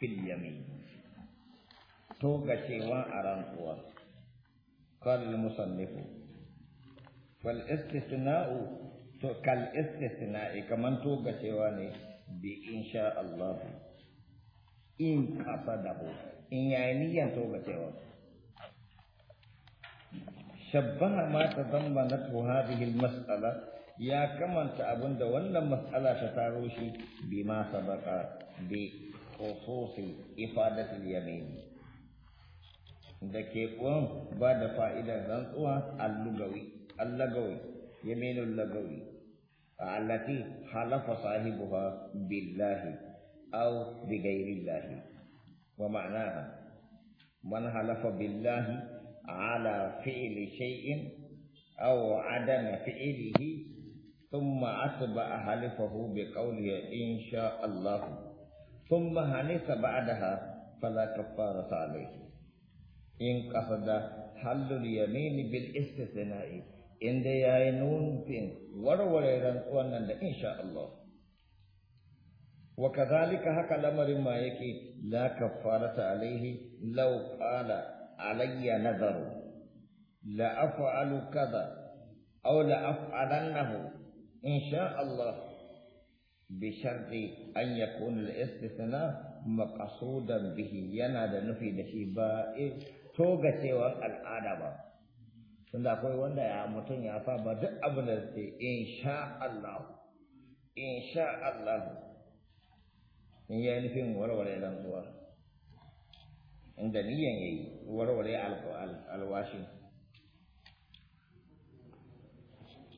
في اليمين توقع شيوان أران هو قال المصنف فالاستثناء كالاستثناء كمن توقع شيوان بإن شاء الله إن قصده إن يعني توقع شيوان شبه ما تضمنته هذه المسألة يا كمان تأبند وأن مسألة تتعروشي بما سبق خصوص إفادة اليمين ذكي قوم بعد فائدة ذنطوة اللغوي اللغوي يمين اللغوي التي حلف صاحبها بالله أو بغير الله ومعناها من حلف بالله على فعل شيء أو عدم فعله ثم أتبع حلفه بقوله إن شاء الله ثم هنس بعدها فلا كفارة عليه إن قصد حل اليمين بالاستثناء إن دي ينون فين وريران وأن إن شاء الله وكذلك هكا الأمر ما يكي لا كفارة عليه لو قال علي نذر لأفعل كذا أو لأفعلنه إن شاء الله بشرط أن يكون الاستثناء مقصودا به ينادى نفي دشي بائر توقع سوى الآدم tunda akwai wanda ya mutum ya ba duk abin da ce insha Allah in ya nufin warware rantsuwa inda niyan yayi warware alwashin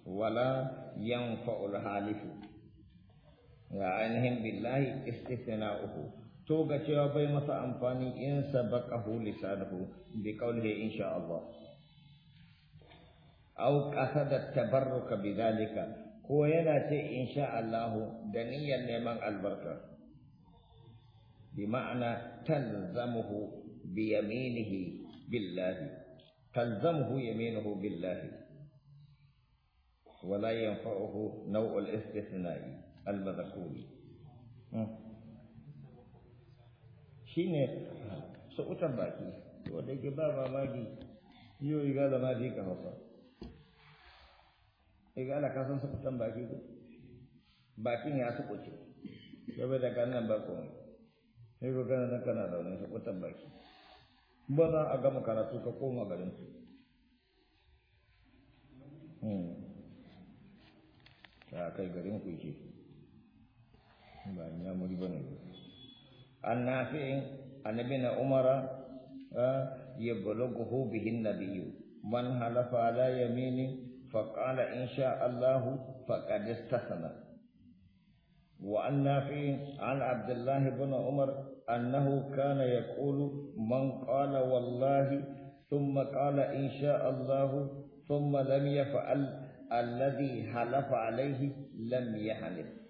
wala yanfa'ul halifu وعنهم بالله استثناؤه تو گچے اوپے مسا امپانی ان سبقه لسانه بقوله ان شاء الله او قصد التبرك بذلك كو ينا ان شاء الله دنيا نيمان البركه بمعنى تلزمه بيمينه بالله تلزمه يمينه بالله ولا ينفعه نوع الاستثناء al-madhkuri shine su utar baki to da ke ba mamaki yau iga da ma dai ka hausa iga ala kasan su utar baki ko bakin ya su kuce saboda kan nan ba komai sai ko kana nan kana da wani sakwatan baki ba za a gama karatu ka koma garin su ya kai garin ku yake ba ina muri bane an nafi'in يبلغه به النبي من حلف على يمين فقال إن شاء الله فقد استثنى وعن نافع عن عبد الله بن عمر أنه كان يقول من قال والله ثم قال إن شاء الله ثم لم يفعل الذي حلف عليه لم يحلف